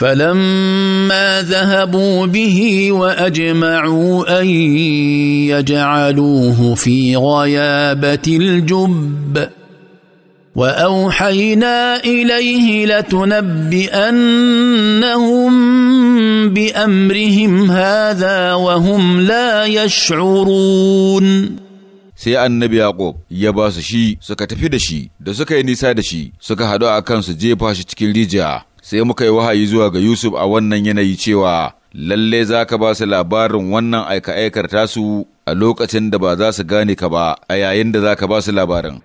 فلما ذهبوا به واجمعوا ان يجعلوه في غيابه الجب واوحينا اليه لتنبئنهم بامرهم هذا وهم لا يشعرون sai annabi Yaƙub ya ba su shi suka tafi da shi da suka yi nisa da shi suka haɗu a kansu jefa shi cikin rijiya sai muka yi wahayi zuwa ga Yusuf a wannan yanayi cewa lalle za ka ba su labarin wannan aika-aikar tasu a lokacin da ba za su gane ka ba a yayin da za ka ba su labarin.